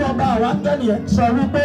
sí ọba àwọn angẹ́lì sọ wípé